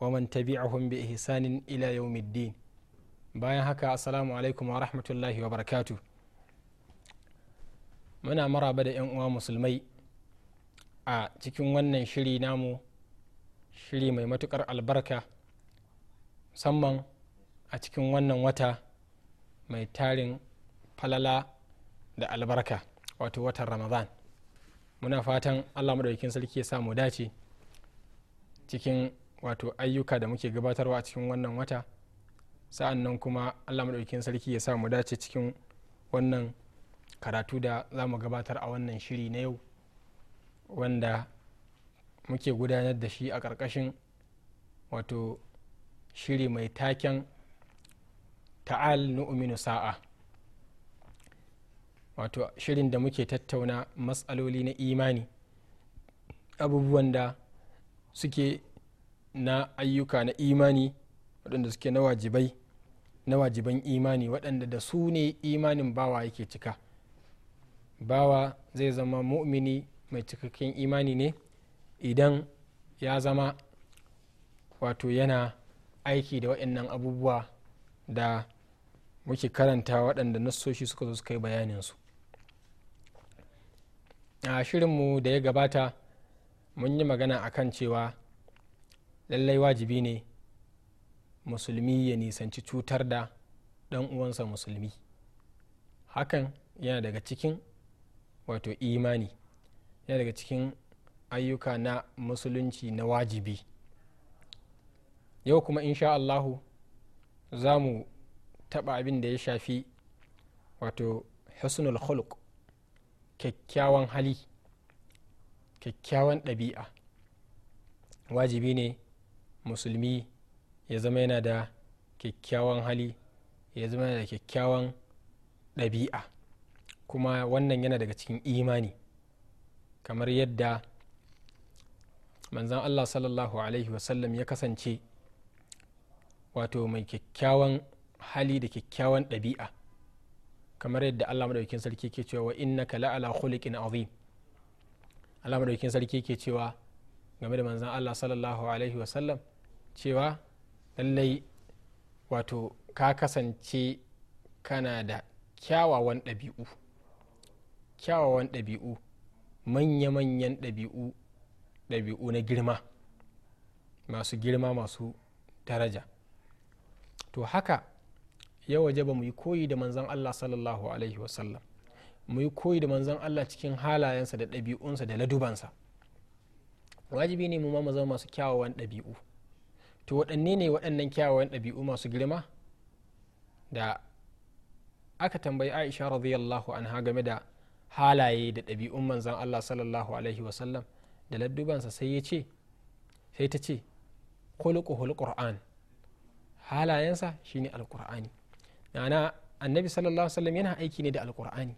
wa man tabi'ahum bi ihsanin ila yawmiddin bayan haka assalamu alaikum wa rahmatullahi wa barakatu muna maraba da 'yan uwa musulmai a cikin wannan shiri namu shiri mai matukar albarka musamman a cikin wannan wata mai tarin falala da albarka wato watan ramadan muna fatan allah maɗaukin sarki ya samu dace cikin wato ayyuka da muke gabatarwa a cikin wannan wata sa'an nan kuma allah maɗaukin sarki ya sa mu dace cikin wannan karatu da za mu gabatar a wannan shiri na yau wanda muke gudanar da shi a ƙarƙashin wato shiri mai taken ta'al nu'minu sa'a wato shirin da muke tattauna matsaloli na imani abubuwan da suke na ayyuka na imani waɗanda suke na wajibai na wajiban imani waɗanda da su ne imanin bawa yake cika bawa zai zama mu'mini mai cikakken imani ne idan ya zama wato yana aiki da waɗannan abubuwa da muke karanta waɗanda nassoshi suka zo suka yi bayaninsu a shirinmu da ya gabata mun yi magana akan cewa lallai wajibi ne musulmi ya nisanci cutar da dan uwansa musulmi hakan yana daga cikin wato imani yana daga cikin ayyuka na musulunci na wajibi yau kuma insha allahu za mu taɓa abin da ya shafi wato husnul khuluq kyakkyawan hali kyakkyawan ɗabi'a wajibi ne musulmi ya zama yana da kyakkyawan hali ya zama yana da kyakkyawan ɗabi'a kuma wannan yana daga cikin imani kamar yadda manzan allah sallallahu alaihi wasallam ya kasance wato mai kyakkyawan hali da kyakkyawan ɗabi'a kamar yadda allah madaukin sarki ke cewa wa kala la'ala khuliqin azim allah madaukin sarki ke cewa game da manzan allah sallallahu alaihi wasallam cewa lallai wato ka kasance kana da kyawawan ɗabi'u kyawawan ɗabi'u manya-manyan ɗabi'u ɗabi'u na girma masu girma masu daraja to haka ya waje ba mu yi koyi da manzan allah sallallahu alaihi wasallam mu yi koyi da manzan allah cikin halayensa da ɗabi'unsa da ladubansa wajibi ne mu ma mu zama masu kyawawan ɗabi'u to waɗanne ne waɗannan kyawawan ɗabi'u masu girma da aka tambayi aisha radiyallahu anha game da halaye da ɗabi'un manzan allah sallallahu alaihi wasallam da laddubansa sai ya ce sai ta ce khuluquhul qur'an halayensa shine Alƙur'ani? nana annabi sallallahu alaihi wasallam yana aiki ne da Alƙur'ani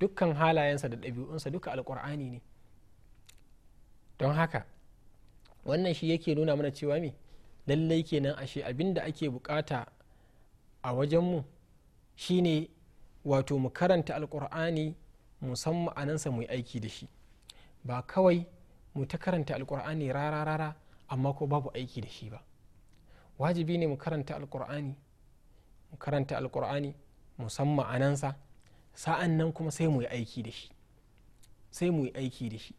dukkan halayensa da ɗabi'unsa duka Alƙur'ani ne don haka wannan shi yake nuna mana cewa me lallai kenan ashe abin da ake bukata a wajenmu shine wato mu karanta alkur'ani musamman ma'anansa mu yi aiki da shi ba kawai mu ta karanta alkur'ani rara rara amma ko babu aiki da shi ba wajibi ne mu karanta alkur'ani mu karanta alkur'ani musamman ma'anansa sa'an nan kuma sai mu yi aiki da shi sai mu yi aiki da shi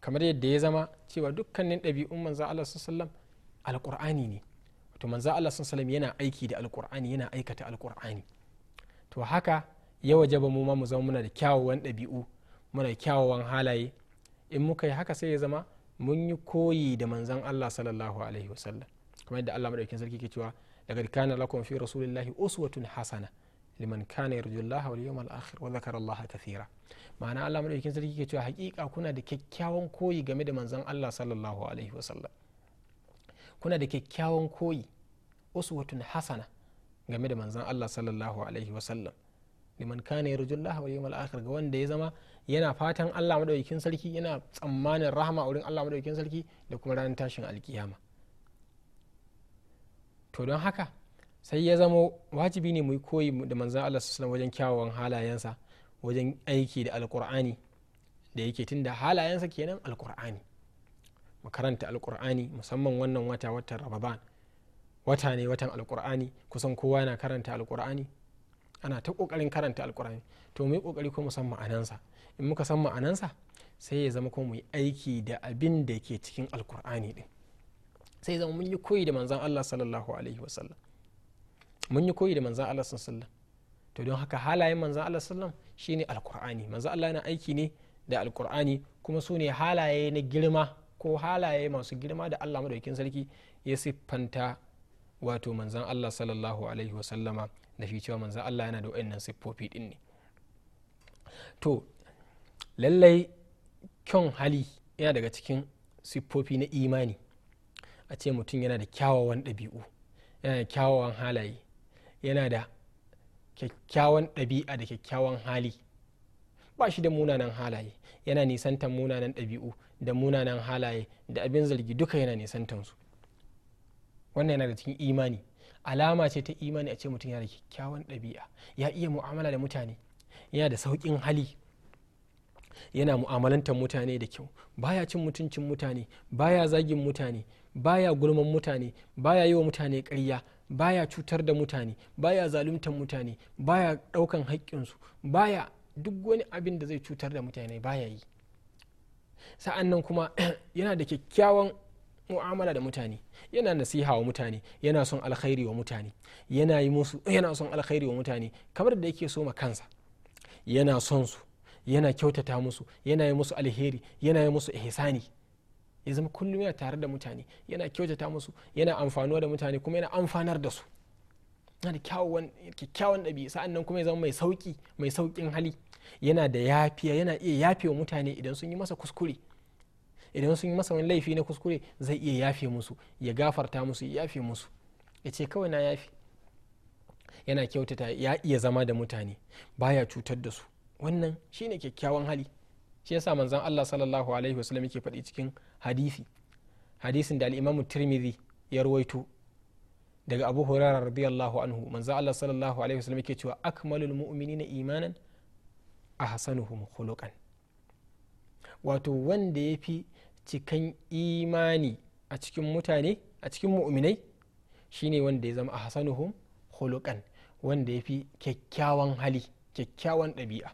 kamar yadda ya zama cewa dukkanin ɗabi'un manzo Allah sallallahu alkur'ani ne wato manzo Allah Salam yana aiki da alkur'ani yana aikata alkur'ani to haka ya wajaba mu ma mu zama muna da kyawawan ɗabi'u muna da kyawawan halaye in muka yi haka sai ya zama mun yi koyi da manzon Allah sallallahu alaihi wasallam kamar yadda Allah madaukakin sarki ke cewa laqad kana lakum fi rasulillahi uswatun hasana liman kana yarjullaha wal yawmal akhir wa dhakara Allah kathira ma'ana Allah madaukakin sarki ke cewa hakika kuna da kyakkyawan koyi game da manzon Allah sallallahu alaihi wasallam kuna da kyakkyawan koyi uswatun hasana game da manzan Allah sallallahu alaihi wasallam liman kana yarjullaha wal yawmal akhir ga wanda ya zama yana fatan Allah madaukakin sarki yana tsammanin rahama a wurin Allah madaukakin sarki da kuma ranar tashin alkiyama to don haka sai ya zama wajibi ne mu yi koyi da manzan Allah sallallahu wajen kyawawan halayensa wajen aiki da alkur'ani da yake tunda halayensa kenan alkur'ani mu karanta alkur'ani musamman wannan wata watan ramadan wata ne watan alkur'ani kusan kowa na karanta alkur'ani ana ta kokarin karanta alkur'ani to mu yi kokari ko mu san ma'anansa in muka san ma'anansa sai ya zama ko mu yi aiki da abin da ke cikin alkur'ani din sai zama mun yi koyi da manzan Allah sallallahu alaihi Sallam mun yi koyi da manzan Allah sallallahu alaihi to don haka halayen manzan Allah sallallahu shine alkur'ani manzan Allah yana aiki ne da alkur'ani kuma su ne halaye na girma ko halaye masu girma da allah madaukin sarki ya siffanta wato manzan allah sallallahu alaihi wasallama da shi cewa manzan allah yana da wa'annan siffofi din ne to lallai kyan hali yana daga cikin siffofi na imani a ce mutum yana da kyawawan ɗabi'u yana da kyawawan halaye yana da kyakkyawan ɗabi'a da kyakkyawan hali ba shi da munanan halaye yana nisantan munanan ɗabi'u da munanan halaye da abin zargi duka yana nisantansu wannan yana da cikin imani alama ce ta imani a ce mutum yana da kyakkyawan ɗabi'a ya iya mu'amala da mutane yana da sauƙin hali yana mu'amalantar mutane da kyau baya cin mutuncin mutane baya zagin mutane baya gulman mutane baya yi wa mutane ƙarya baya cutar da mutane baya zaluntar mutane baya ɗaukan haƙƙinsu baya duk wani abin da zai cutar da mutane baya yi sa'an nan kuma yana da kyakkyawan mu'amala da mutane yana nasiha wa mutane yana son alkhairi wa mutane yana yi musu yana son alkhairi wa mutane kamar da yake so ma kansa yana son su yana kyautata musu yana yi musu alheri yana yi musu ihsani ya zama kullum yana tare da mutane yana kyautata musu yana amfanuwa da mutane kuma yana amfanar da su yana da kyakkyawan ɗabi'a sa'an nan kuma ya zama mai sauki mai saukin hali yana da yafiya yana iya yafe wa mutane idan sun yi masa kuskure idan sun yi masa wani laifi na kuskure zai iya yafe musu ya gafarta musu ya yafe musu ya ce kawai na yafe yana kyautata ya iya zama da mutane baya cutar da su wannan shine kyakkyawan hali shi yasa manzon Allah sallallahu alaihi wasallam yake faɗi cikin hadisi hadisin da al-Imam Tirmidhi ya rawaito daga Abu Hurairah radiyallahu anhu manzon Allah sallallahu alaihi wasallam yake cewa akmalul na imanan ahsanuhum khuluqan wato wanda ya fi cikan imani a cikin mutane a cikin mu'minai shine wanda ya zama ahsanuhum khuluqan wanda ya fi kyakkyawan hali kyakkyawan ɗabi'a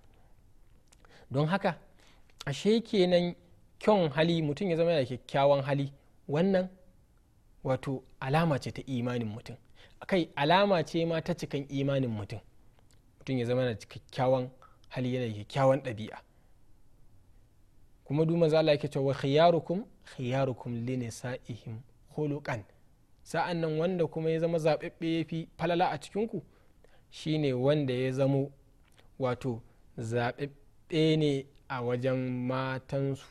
don haka ashe kenan kyon hali mutum ya zama da kyakkyawan hali wannan wato alama ce ta imanin mutum kai alama ce ma ta cikan imanin mutum mutum ya zama da kyakkyawan hali yana kyakkyawan ɗabi'a kuma duma za zala yake cewa khiyarukum khiyarukum li nisaihim khuluqan sa'an nan wanda kuma ya zama zaɓaɓɓe ya fi falala a cikinku shine wanda ya zamo wato zaɓaɓɓe ne a wajen matansu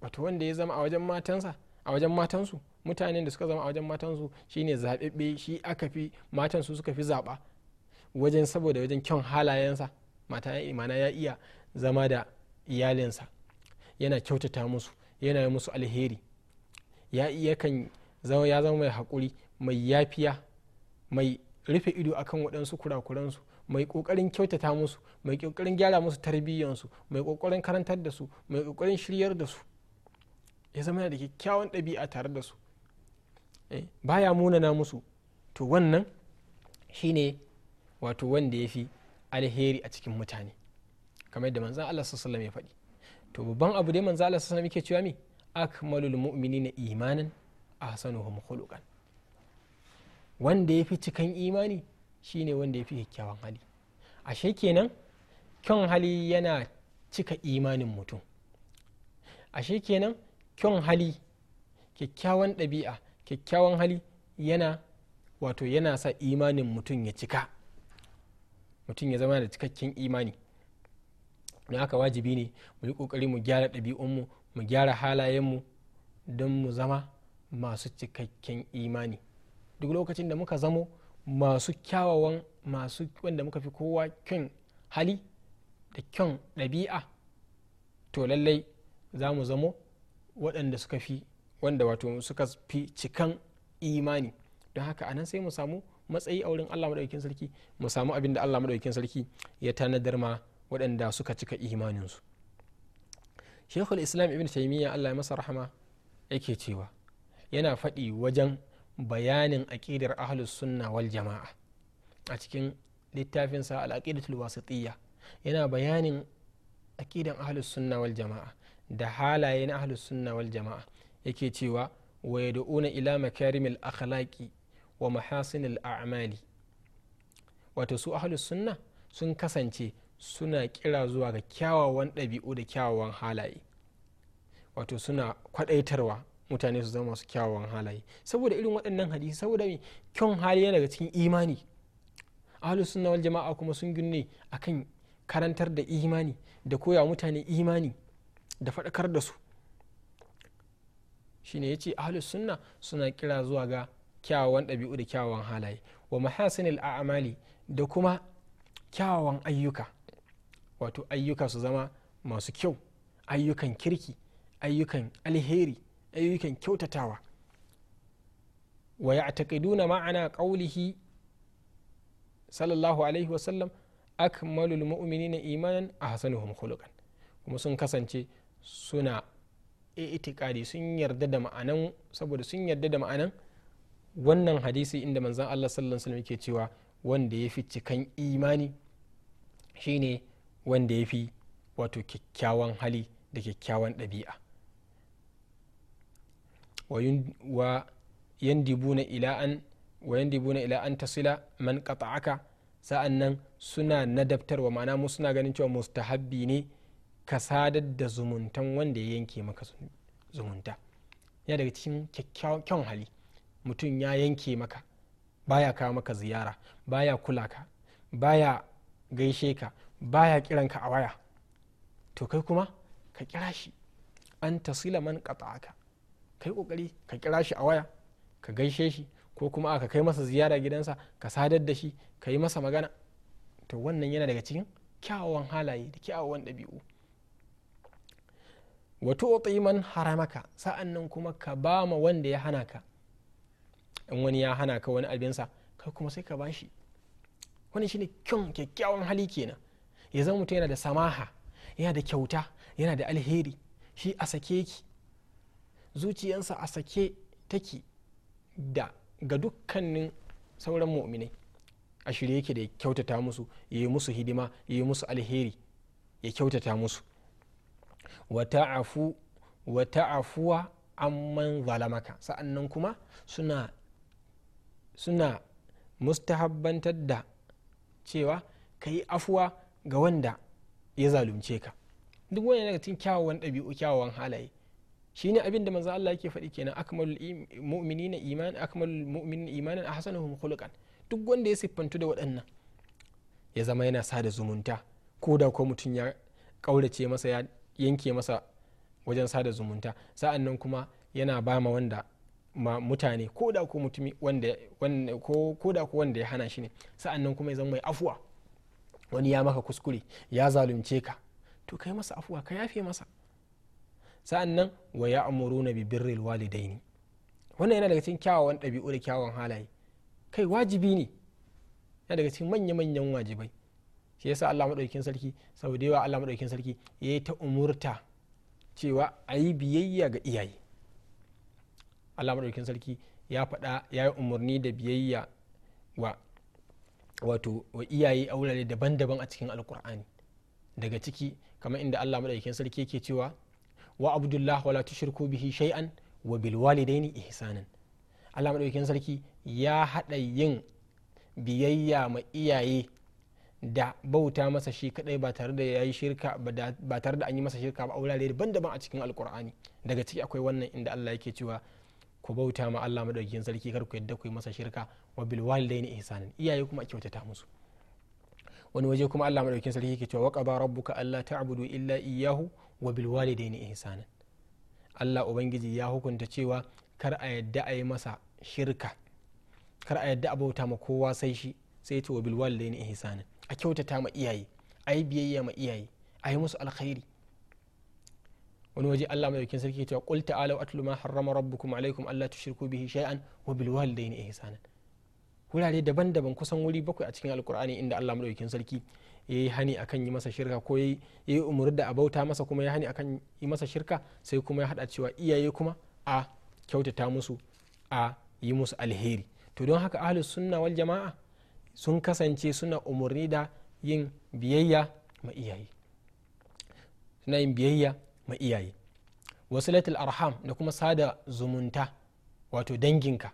wato wanda ya zama a wajen matansa a wajen matansu mutanen da suka zama a wajen matansu shine zaɓaɓɓe shi aka fi matansu suka fi zaɓa wajen saboda wajen kyan halayensa mata ya imana ya iya zama da iyalinsa yana kyautata musu yana yi musu alheri ya iya kan zama ya zama mai haƙuri mai yafiya mai rufe ido akan waɗansu kurakuransu mai ƙoƙarin kyautata musu mai ƙoƙarin gyara musu tarbiyyansu mai ƙoƙarin karantar da su mai ƙoƙarin shiryar da su ya zama da kyakkyawan ɗabi'a tare da su eh, baya munana musu to wannan shine wato wanda ya fi alheri a cikin mutane kamar yadda manzan Allah sallallahu ya faɗi to babban abu dai manzan Allah sallallahu yake cewa mi akmalul mu'minina imanan ahsanuhum khuluqan wanda yafi cikan imani shine wanda ya fi kyakkyawan hali ashe kenan kyan hali yana cika imanin mutum ashe kenan kyan hali kyakkyawan ɗabi'a kyakkyawan hali yana wato yana sa imanin mutum ya cika mutum ya zama da cikakken imani don haka wajibi ne mu yi kokari mu gyara ɗabi'unmu mu gyara halayenmu don mu zama masu cikakken imani duk lokacin da muka zamo masu kyawawan masu wanda muka fi kowa kyan hali da kyan ɗabi'a to lallai za mu zamo waɗanda suka fi wanda wato suka fi cikan imani don haka anan sai mu samu matsayi a wurin Allah madaukakin sarki mu samu abin da Allah madaukakin sarki ya tanadar ma waɗanda suka cika imanin su Sheikhul Islam Ibn Taymiyyah Allah ya masa rahama yake cewa yana faɗi wajen bayanin aqidar ahlus sunna wal jama'a a cikin littafinsa al-aqidatul wasitiyya yana bayanin aqidan ahlus sunna wal jama'a da halaye na ahlus sunna wal jama'a yake cewa wa yad'una ila makarimil akhlaqi wa mahasin a'mali wato su ahalus sunna sun kasance suna kira zuwa ga kyawawan ɗabi'u da kyawawan halaye wato suna kwaɗaitarwa mutane su zama masu kyawawan halaye saboda irin waɗannan hadisi saboda mai kyan hali yana daga cikin imani ahalus sunna wal jama'a kuma sun a kan karantar da imani da koya mutane imani da faɗakar da su shine yace ahlus sunna suna kira zuwa ga kyawawan ɗabi'u da kyawawan halaye wa mahasinil a'amali da kuma kyawawan ayyuka wato ayyuka su zama masu kyau ayyukan kirki ayyukan alheri ayyukan kyautatawa wa ya'taqiduna ma'ana ƙaulihi sallallahu alaihi wasallam akmalul mu'minin imanan ahsanuhum khuluqan kuma sun kasance suna itikadi sun yarda da ma'anan saboda sun yarda da ma'anan wannan hadisi inda manzan allah sallallahu alaihi ke cewa wanda ya fi cikan imani shine wanda ya fi wato kyakkyawan hali da kyakkyawan ɗabi'a wa yandibuna ila an wa ila an tasila man qata'aka sa'an nan suna nadabtarwa ma'ana mu suna ganin cewa mustahabbi ne ka sadar da zumuntan wanda ya yanke maka zumunta ya daga cikin kyakkyawan hali mutum ya yanke maka baya kawo maka ziyara baya kula ka baya gaishe ka baya kiran ka a waya to kai kuma ka kira shi an tasila man qata'aka kai kokari ka kira shi a waya ka gaishe shi ko kuma aka kai masa ziyara gidansa ka sadar da shi ka yi masa magana to wannan yana daga cikin kyawawan halaye da kyawawan ɗabi'u wato man haramaka sa'an nan kuma ka ba ma wanda ya hana ka in wani ya hana ka wani abinsa kai kuma sai ka bashi wani shine kyan kyakkyawan hali kenan ya zama mutum yana da samaha yana da kyauta yana da alheri shi a sake ki zuciyansa a sake take da ga dukkanin sauran mu'minai a shirye yake da ya kyautata musu ya yi musu hidima ya yi musu alheri ya kyautata musu wata afuwa amman zalamaka sa'annan kuma suna suna mustahabbantar da cewa ka yi afuwa ga wanda ya zalunce ka duk wani daga cikin kyawawan ɗabi'u kyawawan halaye shi abin da manzo Allah yake faɗi kenan akmalul mu'minina iman akmalul mu'minina imanan ahsanuhum khuluqan duk wanda ya siffantu da waɗannan ya zama yana sada zumunta ko da ko mutum ya ƙaurace masa ya yanke masa wajen sada zumunta sa'an nan kuma yana ba ma wanda ma mutane ko da ko mutumi wanda ko da ko wanda ya hana shi ne sa'an nan kuma ya zama mai afuwa wani ya maka kuskure ya zalunce ka to kai masa afuwa ka yafe masa sa'an nan wa ya amuruna bi birril walidaini wannan yana daga cikin kyawawan ɗabi'u da kyawawan halaye kai wajibi ne yana daga cikin manya-manyan wajibai shi yasa Allah maɗaukin sarki saboda yawa Allah maɗaukin sarki ya yi ta umurta cewa a yi biyayya ga iyaye allah maɗaukin sarki ya faɗa ya yi umarni da biyayya wa wato wa iyaye a daban-daban a cikin alkur'ani daga ciki kamar inda allah maɗaukin sarki yake cewa wa abdullah wala tushriku bihi shay'an wa bil walidaini ihsanan allah maɗaukin sarki ya haɗa yin biyayya ma iyaye da bauta masa shi kadai ba tare da yayi shirka ba tare da an yi masa shirka ba a daban-daban a cikin alkur'ani daga ciki akwai wannan inda Allah yake cewa ku bauta ma Allah madaukakin sarki kar ku yadda ku yi masa shirka wa bil walidaini ihsanan iyaye kuma kyautata musu wani waje kuma Allah madaukakin sarki yake cewa waqaba rabbuka alla ta'budu illa iyyahu wa bil walidaini ihsanan Allah ubangiji ya hukunta cewa kar a yadda a yi masa shirka kar a yadda a bauta ma kowa sai shi sai ce wa bil walidaini ihsanan a kyautata ma iyaye a yi biyayya ma iyaye a yi musu alkhairi wani waje Allah madaukakin sarki ya ce qul ta'alu atlu ma harrama rabbukum alaikum alla tushriku bihi shay'an wa bil walidayni ihsanan wurare daban-daban kusan wuri bakwai a cikin alkur'ani inda Allah madaukakin sarki ya yi hani akan yi masa shirka ko ya yi umar da abauta masa kuma ya hani akan yi masa shirka sai kuma ya hada cewa iyaye kuma a kyautata musu a yi musu alheri to don haka ahlus sunna wal jama'a sun kasance suna umarni da yin biyayya ma iyaye suna yin biyayya ma iyaye wasilatul arham da kuma sada zumunta wato danginka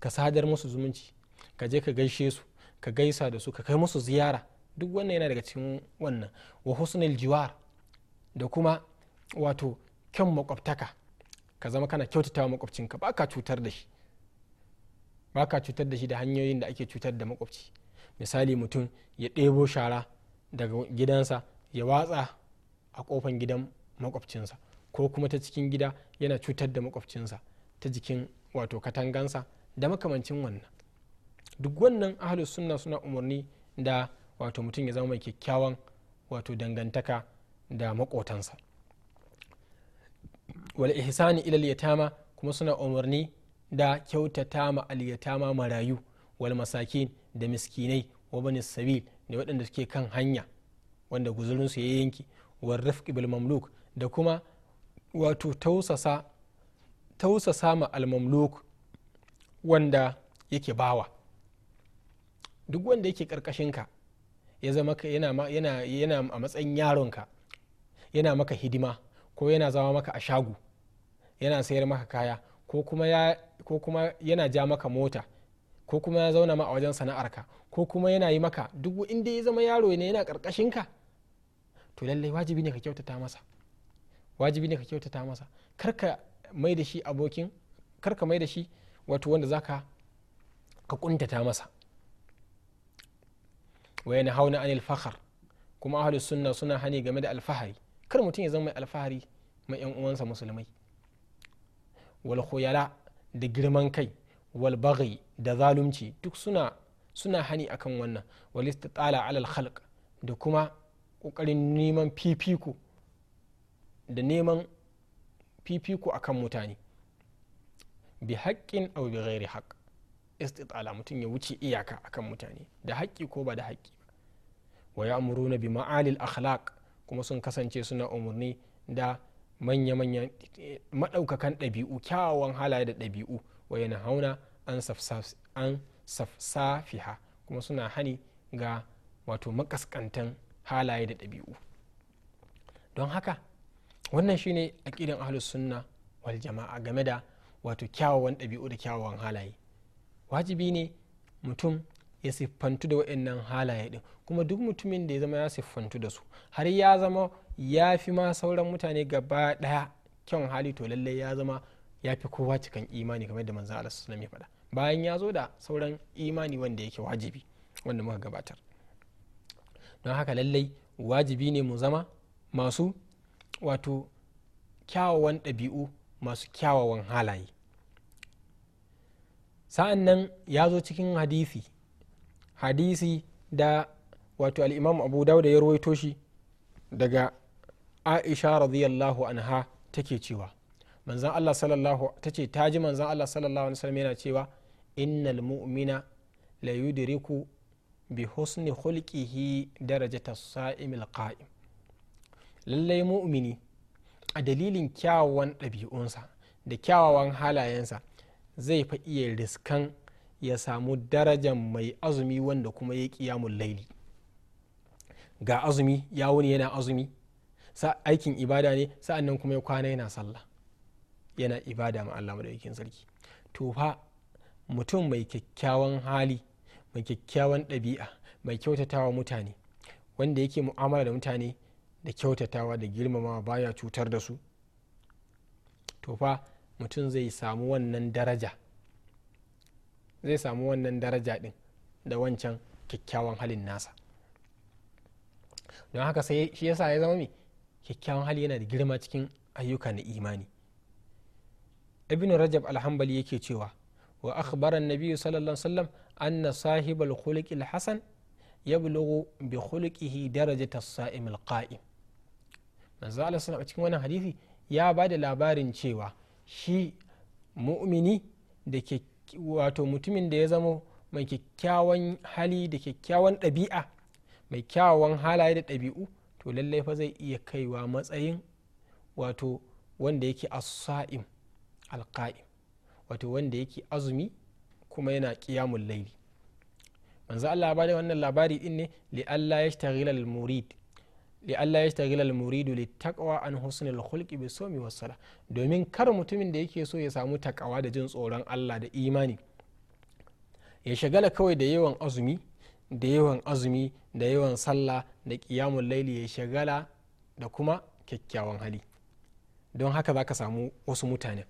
ka sadar musu zumunci ka je ka gaishe su ka gaisa da su ka kai musu ziyara duk wannan yana daga cikin wannan wa husnul jiwar da kuma wato kyan makwabtaka ka zama kana kyautatawa makwabcinka ba ka cutar da shi ba ka cutar da shi da hanyoyin da ake cutar da makwabci misali mutum ya ɗebo shara daga gidansa ya watsa a kofan gidan makwabcinsa ko kuma ta cikin gida yana cutar da makwabcinsa ta jikin wato katangansa da makamancin wannan duk wannan ahalus sunna suna umarni da wato mutum ya zama mai kyakkyawan wato dangantaka da makotansa wal ihsani ila yatama kuma suna umarni da kyautata ma alyatama marayu wal masakin da miskinai wa bani sabil da waɗanda suke kan hanya wanda guzurinsu ya yanki wal rifq bil mamluk da kuma wato tausasa ma almamluk wanda yake bawa duk wanda yake karkashinka ya zama yana, yana, yana a matsayin yaron ka yana maka hidima ko yana zama maka a shagu yana sayar maka kaya ko kuma, yana ja maka mota ko kuma ya zauna ma a wajen sana'arka ko kuma yana yi maka duk inda ya zama yaro ne yana karkashinka to lallai wajibi ne ka kyautata masa wajibi ne ka kyautata masa karka mai da shi abokin mai da shi wato wanda zaka ka kuntata masa wa yana hauna anil fakhar kuma ahli sunna suna hani game da alfahari kar mutum ya zama mai alfahari mai yan uwansa musulmai wal khuyala da girman kai wal baghi da zalunci duk suna suna hani akan wannan wal istitala alal khalq da kuma kokarin neman fifiko da neman fifiko akan mutane bi haƙƙin au bi ghairi haƙ istitala mutum ya wuce iyaka akan mutane da haƙƙi ko ba da haƙƙi ba wa na bi ma'alil akhlaq kuma sun kasance suna umarni da manya-manyan maɗaukakan ɗabi'u kyawawan halaye da ɗabi'u wa yana hauna an safsafiha kuma suna hani ga wato makaskantan halaye da ɗabi'u don haka wannan shine aqidan ahlus sunna wal jama'a game da wato kyawawan ɗabi'u da kyawawan halaye wajibi ne mutum ya siffantu da waɗannan halaye ɗin kuma duk mutumin da ya zama ya siffantu da su har ya zama ya fi ma sauran mutane gaba ɗaya kyan hali to lallai ya zama ya fi kowa cikin imani kamar da manzan alasu sallallahu faɗa bayan ya zo da sauran imani wanda yake wajibi wanda muka gabatar don haka lallai wajibi ne mu zama masu wato kyawawan ɗabi'u masu kyawawan halaye sa'an nan ya zo cikin hadisi hadisi da wato al'imam abu dawud ya rawaito shi daga aisha radiyallahu anha take cewa manzan allah sallallahu ta ce ta ji manzan allah sallallahu alaihi wasallam yana cewa innal mu'mina la yudriku bi husni khulqihi darajata sa'imil qa'im lallai mu'mini a dalilin kyawawan ɗabi'unsa da kyawawan halayensa zai fa iya riskan ya samu darajan mai azumi wanda kuma ya ƙiyamun laili ga azumi ya wuni yana azumi aikin ibada ne sa'an nan kuma ya kwana yana sallah yana ibada ma Allah madaukakin sarki to fa mutum mai kyakkyawan hali mai kyakkyawan ɗabi'a mai kyautatawa mutane wanda yake mu'amala da mutane da kyautatawa da girmama baya cutar da su to fa mutum zai samu wannan daraja zai samu wannan daraja din da wancan kyakkyawan halin nasa don haka sai shi yasa ya zama mai kyakkyawan hali yana da girma cikin ayyuka na imani ibn rajab alhambali yake cewa wa akhbara an sallallahu alaihi wasallam anna sahibal khuluqil hasan yablughu bi khuluqihi darajata as-sa'im al-qa'im manzo Allah a cikin wannan hadisi ya ba da labarin cewa shi mu'mini da ke wato mutumin da ya zama mai kyakkyawan hali da kyakkyawan ɗabi'a mai kyawawan halaye da ɗabi'u to lallai fa zai iya kaiwa matsayin wato wanda yake as-sa'im alqa'im wato wanda yake azumi kuma yana kiyamun layli manzo Allah ba da wannan labari din ne li Allah yashtaghila al-murid li Allah ya tagila al-muridu li taqwa an husnul khulqi bi sumi was sala domin kar mutumin da yake so ya samu takawa da jin tsoron Allah da imani ya shagala kawai da yawan azumi da yawan azumi da yawan sallah da qiyamul laili ya shagala da kuma kyakkyawan hali don haka zaka samu wasu mutane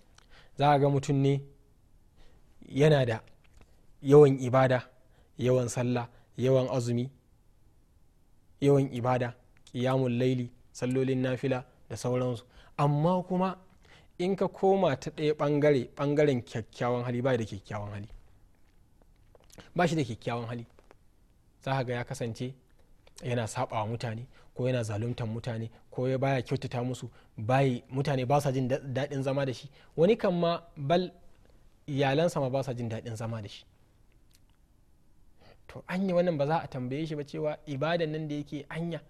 za ga mutum ne yana da yawan ibada yawan sallah yawan azumi yawan ibada ƙiyamun laili sallolin nafila da sauransu amma kuma in ka koma ta ɗaya ɓangare ɓangaren kyakkyawan hali ba da kyakkyawan hali ba shi da kyakkyawan hali za ga ya kasance yana saba mutane ko yana zaluntar mutane ko ya baya kyautata musu bayi mutane ba sa jin daɗin zama da shi wani kan ma bal iyalansa ma ba sa jin daɗin zama da shi to anya wannan ba za a tambaye shi ba cewa ibadan nan da yake anya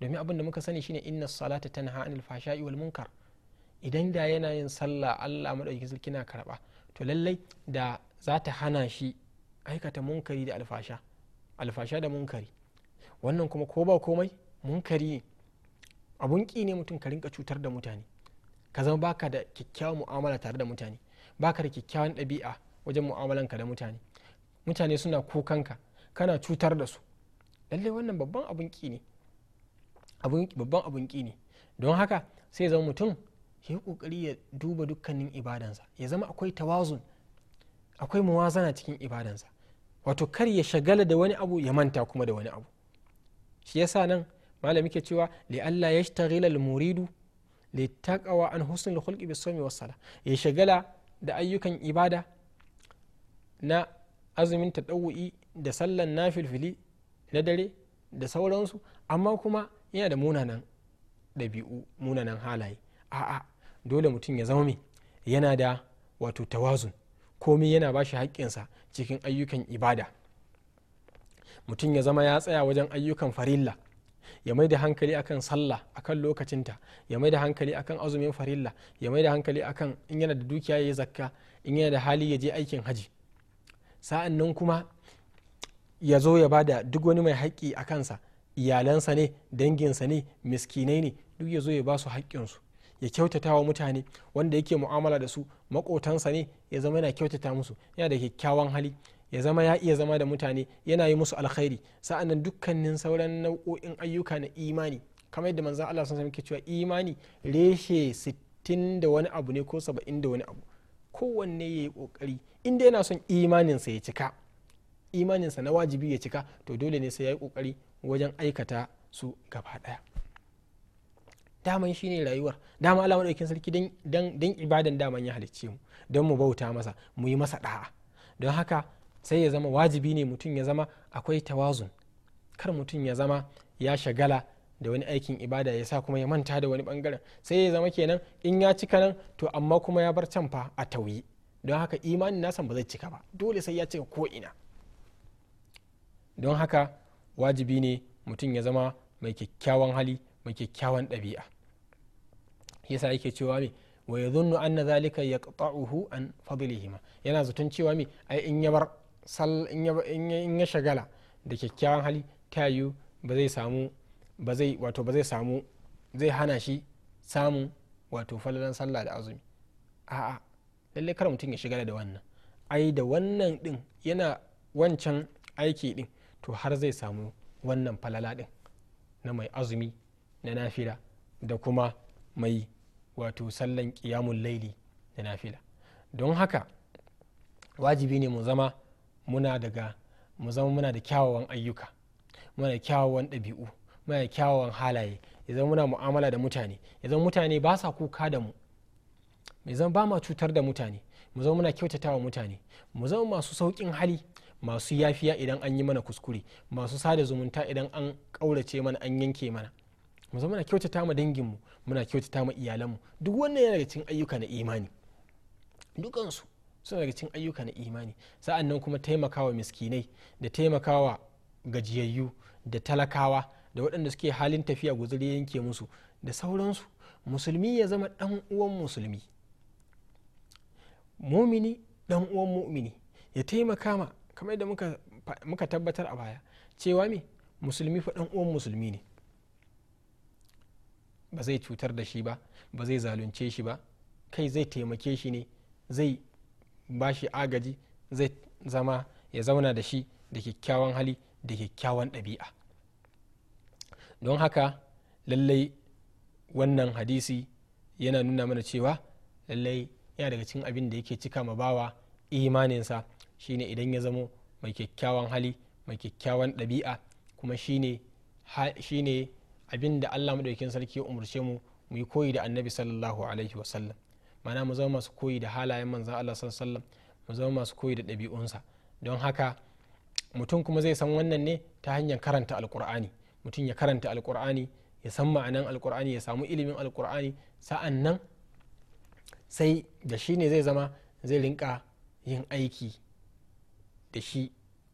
domin abin da muka sani shine inna salata tanha anil fashai wal munkar idan da yana yin sallah Allah madaukakin sarki na karba to lallai da za ta hana shi aikata munkari da alfasha alfasha da munkari wannan kuma ko ba komai munkari abun ki ne mutum ka rinka cutar da mutane ka zama baka da kyakkyawan mu'amala tare da mutane baka da kyakkyawan ɗabi'a wajen mu'amalanka da mutane mutane suna kukanka kana cutar da su lallai wannan babban abun ki ne babban abun ki ne don haka sai zama mutum ya yi kokari ya duba dukkanin ibadansa ya zama akwai tawazun akwai muwazana cikin ibadansa wato kar ya shagala da wani abu ya manta kuma da wani abu shi yasa nan malami ke cewa li Allah ya shi muridu li taqwa an husnul khulqi bi sawmi was sala ya shagala da ayyukan ibada na azumin tadawu'i da sallan fili na dare da sauransu amma kuma yana da munanan ɗabi'u munanan halaye a'a dole mutum ya zama mai yana da wato tawazun komai yana ba shi haƙƙinsa cikin ayyukan ibada mutum ya zama ya tsaya wajen ayyukan farilla ya mai da hankali akan sallah akan lokacinta ya mai da hankali akan azumin farilla ya mai da hankali akan in yana da dukiya ya yi zakka in yana da hali ya je aikin haji sa'an nan kuma ya zo ya bada duk wani mai haƙƙi a kansa iyalansa ne danginsa ne miskinai ne duk ya zo ya ba su haƙƙinsu ya kyautata wa mutane wanda yake mu'amala da su maƙotansa ne ya zama yana kyautata musu yana da kyakkyawan hali ya zama ya iya zama da mutane yana yi musu alkhairi sa'annan dukkanin sauran nau'o'in ayyuka na imani kamar yadda manzan Allah sun sami cewa imani reshe sittin da wani abu ne ko saba'in da wani abu kowanne ya yi kokari inda yana son imaninsa ya cika imaninsa na wajibi ya cika to dole ne sai ya yi kokari wajen aikata su gaba daya daman shine rayuwar dama Allah madaukakin sarki dan dan ibadan daman ya halicce mu don mu bauta masa mu yi masa da'a don haka sai ya zama wajibi ne mutum ya zama akwai tawazun kar mutum ya zama ya shagala da wani aikin ibada ya sa kuma ya manta da wani bangaren sai ya zama kenan in ya cika nan to amma kuma ya bar can fa a tauye. don haka imanin nasan ba zai cika ba dole sai ya cika ko ina don haka wajibi ne mutum ya zama mai kyakkyawan hali mai kyakkyawan ɗabi'a yasa yake cewa me wa an na zalika yaqta'uhu an hima yana zaton cewa me ai in ya bar shagala da kyakkyawan hali ta yiwu ba zai samu ba zai wato ba zai samu zai hana shi samun wato falalan sallah da azumi a'a lallai kar mutum ya shigala da wannan ai da wannan din yana wancan aiki din to har zai samu wannan falala din na mai azumi na nafila da kuma mai wato sallan ƙiyamun laili na nafila don haka wajibi ne mu zama muna daga mu zama muna da kyawawan ayyuka muna da kyawawan ɗabi'u muna da kyawawan halaye ya zama muna mu'amala da mutane ya zama mutane ba sa kuka da mu ya zama ba ma cutar da mutane mu zama muna kyautatawa mutane mu zama masu sauƙin hali masu yafiya idan an yi mana kuskure masu sada zumunta idan an ƙaurace mana an yanke mana mu zama muna kyautata ma danginmu muna kyautata ma iyalanmu duk wannan yana daga cikin ayyuka na imani dukansu suna daga cikin ayyuka na imani sa'an nan kuma taimakawa miskinai da taimakawa gajiyayyu da talakawa da waɗanda suke halin tafiya guzuri yanke musu da sauransu musulmi ya zama ɗan uwan musulmi mumini ɗan uwan mumini ya taimaka ma kamar yadda muka, tabbatar a baya cewa me musulmi fa uwan musulmi ne ba zai cutar da shi ba ba zai zalunce shi ba kai zai taimake shi ne zai ba shi agaji zai zama ya zauna da shi da kyakkyawan hali da kyakkyawan ɗabi'a don haka lallai wannan hadisi yana nuna mana cewa lallai yana daga cikin abin da yake cika ma bawa imaninsa shine idan ya zamo mai kyakkyawan hali mai kyakkyawan ɗabi'a kuma shine abinda abin da Allah sarki ya umarce mu mu yi koyi da annabi sallallahu alaihi wasallam mana mu zama masu koyi da halayen manzan Allah sallallahu alaihi wasallam mu zama masu koyi da ɗabi'unsa don haka mutum kuma zai san wannan ne ta hanyar karanta alkur'ani mutum ya karanta alkur'ani ya san ma'anan alkur'ani ya samu ilimin alkur'ani sa'an nan sai da shi ne zai zama zai rinka yin aiki da shi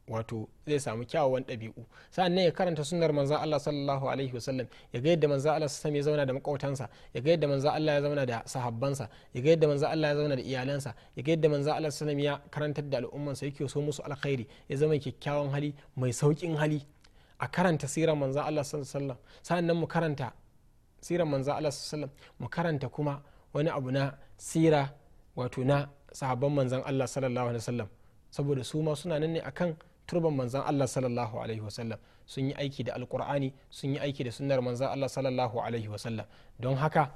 wato zai samu kyawawan ɗabi'u sannan ya karanta sunnar manzan Allah sallallahu alaihi wasallam ya ga yadda manzan Allah sallam ya zauna da makautansa ya ga yadda manzan Allah ya zauna da sahabbansa ya ga yadda manzan Allah ya zauna da iyalansa ya ga yadda manzan Allah sallam ya karantar da al'ummansa yake so musu alkhairi ya zama kyakkyawan hali mai saukin hali a karanta sirar manzan Allah sallallahu alaihi wasallam Sannan mu karanta sirar manzan Allah sallallahu alaihi wasallam mu karanta kuma wani abu na sira wato na sahabban manzan Allah sallallahu alaihi wasallam saboda su ma suna nan ne akan turban manzan Allah sallallahu alaihi wasallam sun yi aiki da alkur'ani sun yi aiki da sunnar manzan Allah sallallahu alaihi wasallam don haka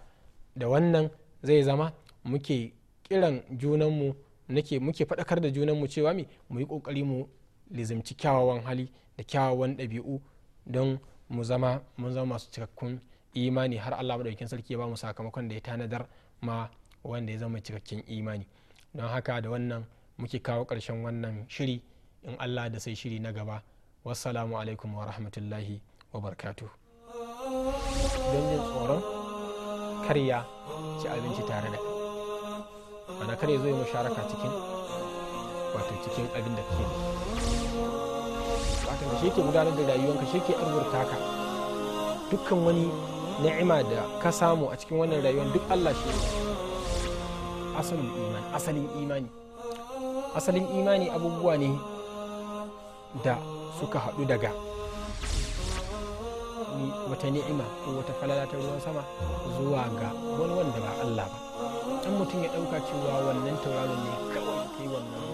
da wannan zai zama muke kiran junanmu nake muke faɗakar da junanmu cewa mi mu yi ƙoƙari mu lizimci kyawawan hali da kyawawan ɗabi'u don mu zama mun masu cikakkun imani har Allah maɗaukin sarki ya ba mu sakamakon da ya tanadar ma wanda ya zama cikakken imani don haka da wannan muke kawo ƙarshen wannan shiri in allah da sai shiri na gaba wassalamu alaikum wa rahmatullahi wa barkatu don jin tsoron karya ci abinci tare da kai ana kare zo yi musharaka cikin wato cikin abin da kake wato shi ke gudanar da rayuwanka shi ke arzurta ka dukkan wani ni'ima da ka samu a cikin wannan rayuwar duk allah shi ne asalin imani asalin imani asalin imani abubuwa ne da suka haɗu daga wata ni'ima ko wata falala ta ruwan sama zuwa ga wani wanda ba Allah ba Dan mutum ya ɗauka cewa wannan tauraron ne kawai ke wannan